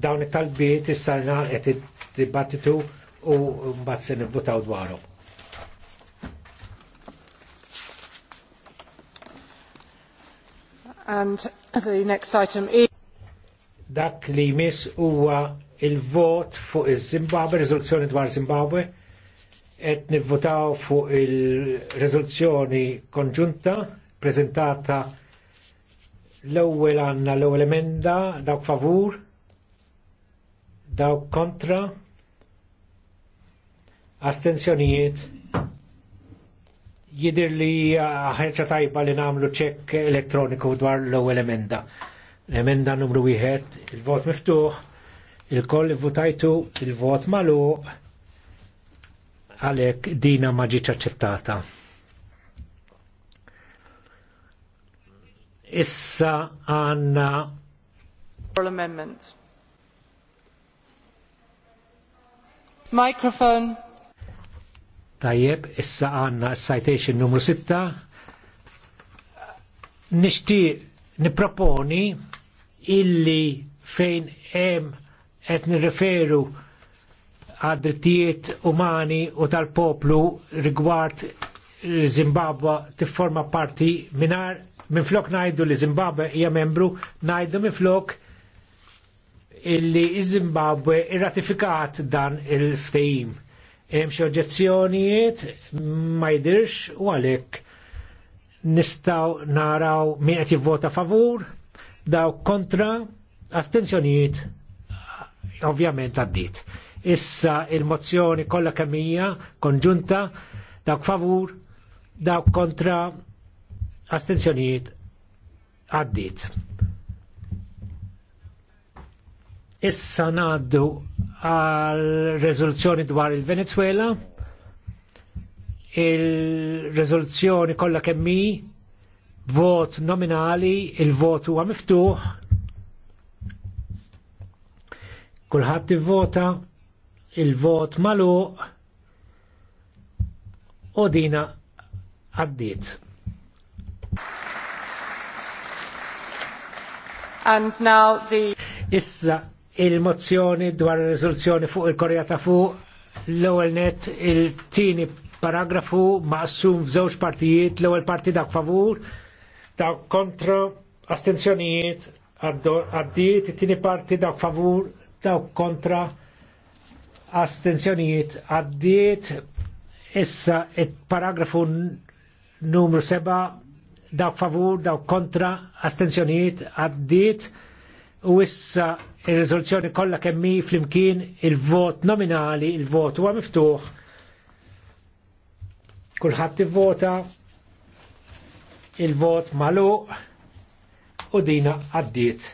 Dawn it-talbiet is naqet qed dibattitu u mbagħad se nivvutaw dwarhom. And the next item is dak li jmiss huwa il-vot fuq iż-Zimbabwe, riżoluzzjoni dwar Zimbabwe, qed nivvotaw fuq il-riżoluzzjoni konġunta prezentata l-ewwel għandna l-ewwel emenda dawk favur. Daw kontra astenzjonijiet jidir li ħerċa tajba li namlu ċek elettroniku dwar l-ewwel emenda. L-emenda numru wieħed, il-vot miftuħ, il-koll votajtu il-vot magħluq għalek dina ma ġietx aċċettata. Issa għandna. Amendment Microphone. Tajjeb, issa għanna citation numru 6. Nishti niproponi illi fejn hemm qed nirreferu għad-drittijiet umani u tal-poplu rigward Zimbabwe tifforma parti minar minn flok najdu li Zimbabwe hija membru najdu minn flok illi Zimbabwe irratifikat dan il-ftehim. Hemm xi oġġezzjonijiet ma jdirx u għalhekk nistgħu naraw min qed jivvota favur, daw kontra, astenzjonijiet ovvjament għaddit. Issa il-mozzjoni kollha kemmija konġunta dawk favur, dawk kontra, astenzjonijiet għaddit. Issa naddu għal rezoluzzjoni dwar il-Venezuela. Il-rezoluzzjoni kollha kemmi vot nominali, il-vot huwa miftuħ. Kulħadd ivvota, il-vot magħluq u dina għaddiet. And now the Issa il-mozzjoni dwar il-rezoluzzjoni fuq il-Korea ta' fuq l-ewwel net il-tieni paragrafu maqsum f'żewġ partijiet, l-ewwel parti dak favur, dak kontra astenzjonijiet għaddiet, it-tieni parti dak favur, dak kontra astenzjonijiet għaddiet, issa il-paragrafu numru 7 dak favur, dak kontra astenzjonijiet għaddiet u issa Ir-riżoluzzjoni kollha kemm hi flimkien il-vot nominali, il-vot huwa miftuħ. Kulħadd ivvota il-vot magħluq u dina għaddiet.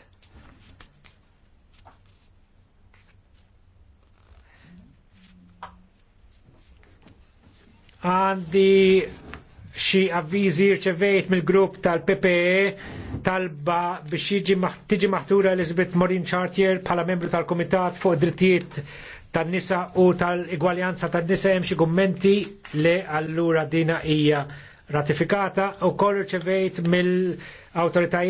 Għandi xi avviżi rċevejt mill-grupp tal-PPE talba biex tiġi maħtura Elizabeth Morin Chartier bħala membru tal-Komitat fuq drittijiet tan-nisa u tal-igwaljanza tan-nisa hemm xi kummenti li allura dina hija ratifikata u kollu ċevejt mill awtoritajiet